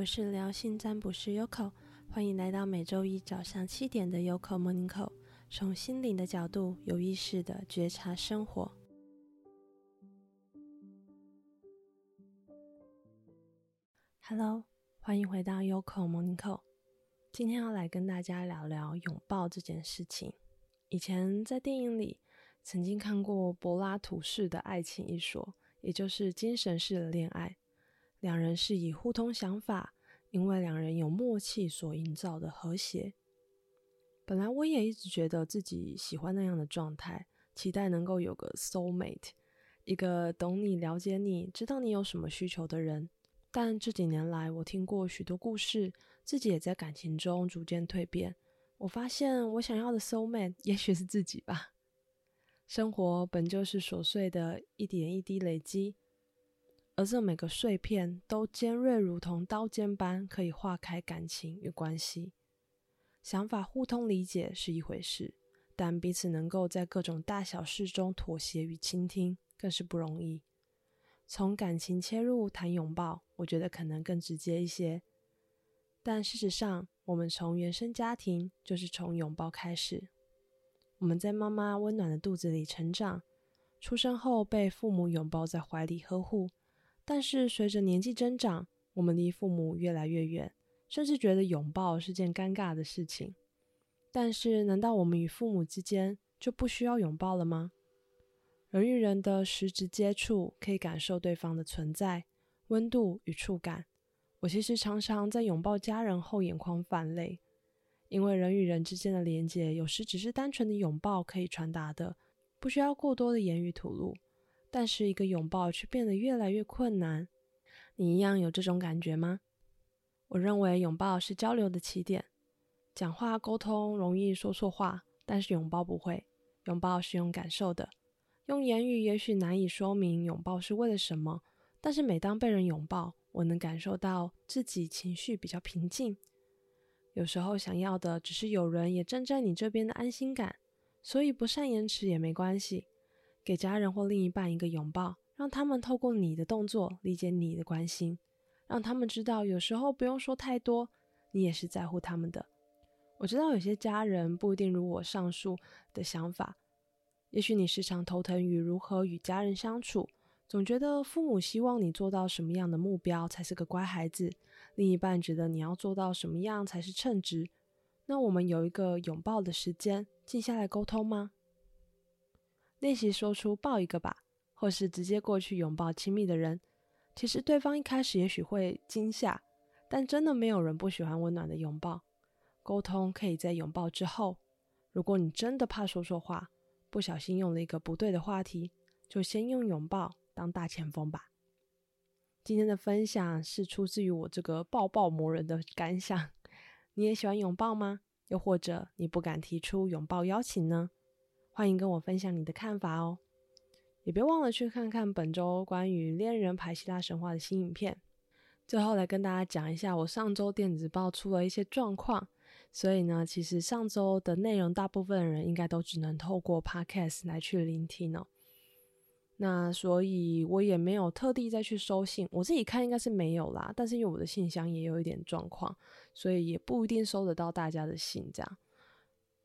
我是療心占卜師 Yoko，歡迎來到每周一早上七點的 Yoko Morning Call，從心靈的角度有意識地覺察生活。Hello，歡迎回到 Yoko Morning Call。今天要來跟大家聊聊擁抱這件事情。以前在電影裡曾經看過柏拉圖式的愛情一說，也就是精神式的戀愛。兩人是以互通想法，因為兩人有默契所營造的和諧。本來我也一直覺得自己喜歡那樣的狀態，期待能夠有個 soul mate，一個懂你、了解你、知道你有什麼需求的人。但這幾年來，我聽過許多故事，自己也在感情中逐漸蛻變。我發現，我想要的 soul mate 也許是自己吧。生活本就是瑣碎的，一點一滴累積。而這每個碎片都尖銳，如同刀尖般，可以劃開感情與關係。想法互通理解是一回事，但彼此能夠在各種大小事中妥協與傾聽，更是不容易。從感情切入談擁抱，我覺得可能更直接一些。但事實上，我們從原生家庭就是從擁抱開始。我們在媽媽溫暖的肚子裡成長，出生後被父母擁抱在懷裡呵護。但是隨着年紀增長，我們離父母越來越遠，甚至覺得擁抱是件尷尬的事情。但是，難道我們與父母之間就不需要擁抱了嗎？人與人的實質接觸，可以感受對方的存在、溫度與觸感。我其實常常在擁抱家人後眼眶泛淚，因為人與人之間的連結，有時只是單純的擁抱可以傳達的，不需要過多的言語吐露。但是一個擁抱卻變得越來越困難，你一樣有這種感覺嗎？我認為擁抱是交流的起點，講話溝通容易說錯話，但是擁抱不會。擁抱是用感受的，用言語也許難以說明擁抱是為了什麼，但是每當被人擁抱，我能感受到自己情緒比較平靜。有時候想要的只是有人也站在你這邊的安心感，所以不善言辭也沒關係。給家人或另一半一個擁抱，讓他們透過你的動作理解你的關心，讓他們知道有時候不用說太多，你也是在乎他們的。我知道有些家人不一定如我上述的想法，也許你時常頭疼於如何與家人相處，總覺得父母希望你做到什麼樣的目標才是個乖孩子，另一半覺得你要做到什麼樣才是稱職。那我們有一個擁抱的時間，靜下來溝通嗎？練習說出抱一個吧，或是直接過去擁抱親密的人。其實對方一開始也許會驚嚇，但真的沒有人不喜歡溫暖的擁抱。溝通可以在擁抱之後。如果你真的怕說錯話，不小心用了一個不對的話題，就先用擁抱當大前鋒吧。今天的分享是出自於我這個抱抱魔人的感想。你也喜歡擁抱嗎？又或者你不敢提出擁抱邀請呢？歡迎跟我分享你的看法哦，也別忘了去看看本週關於戀人牌希臘神話的新影片。最後來跟大家講一下，我上週電子報出了一些狀況，所以呢，其實上週的內容大部分的人應該都只能透過 Podcast 來去聆聽哦。那所以我也沒有特地再去收信，我自己看應該是沒有啦。但是因為我的信箱也有一點狀況，所以也不一定收得到大家的信這樣。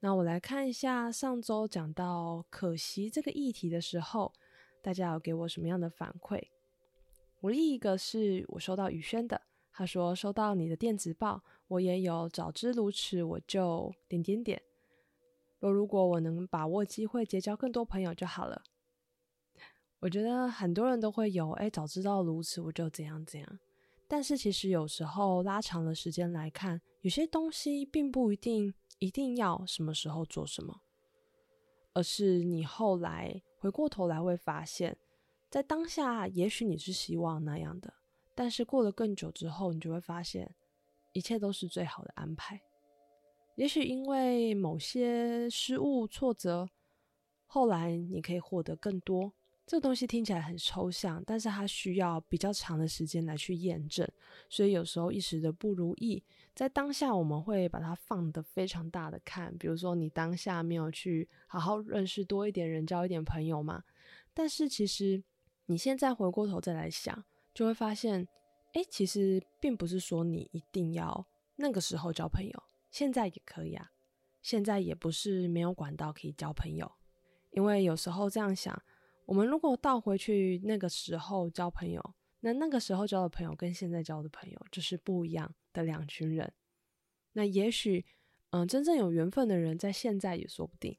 那我來看一下上周講到可惜這個議題的時候，大家有給我什麼樣的反饋？我另一個是我收到雨軒的，他說收到你的電子報，我也有早知如此，我就點點點。若如果我能把握機會結交更多朋友就好了。我覺得很多人都會有，哎，早知道如此，我就怎樣怎樣。但是其實有時候拉長了時間來看，有些東西並不一定。一定要什麼時候做什麼，而是你後來回過頭來會發現，在當下也許你是希望那樣的，但是過了更久之後，你就會發現一切都是最好的安排。也許因為某些失誤、挫折，後來你可以獲得更多。這個東西聽起來很抽象，但是它需要比較長的時間來去驗證。所以有時候一時的不如意，在當下我們會把它放得非常大的看。比如說，你當下沒有去好好認識多一點人，交一點朋友嘛。但是其實你現在回過頭再來想，就會發現，哎，其實並不是說你一定要那個時候交朋友，現在也可以啊。現在也不是沒有管道可以交朋友，因為有時候這樣想。我們如果倒回去那個時候交朋友，那那個時候交的朋友跟現在交的朋友就是不一樣的兩群人。那也許，嗯，真正有緣分的人在現在也說不定。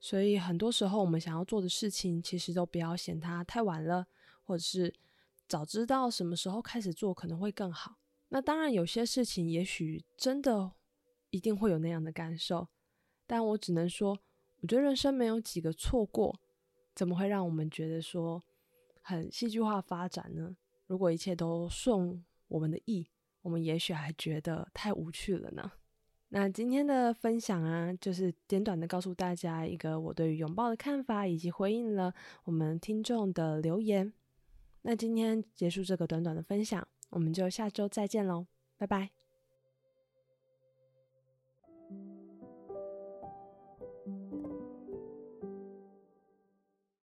所以很多時候我們想要做的事情，其實都不要嫌他太晚了，或者是早知道什麼時候開始做可能會更好。那當然有些事情也許真的一定會有那樣的感受，但我只能說，我覺得人生沒有幾個錯過。怎麼會讓我們覺得說很戲劇化發展呢？如果一切都順我們的意，我們也許還覺得太無趣了呢。那今天的分享啊，就是簡短的告訴大家一個我對於擁抱的看法，以及回應了我們聽眾的留言。那今天結束這個短短的分享，我們就下周再見嘍，拜拜。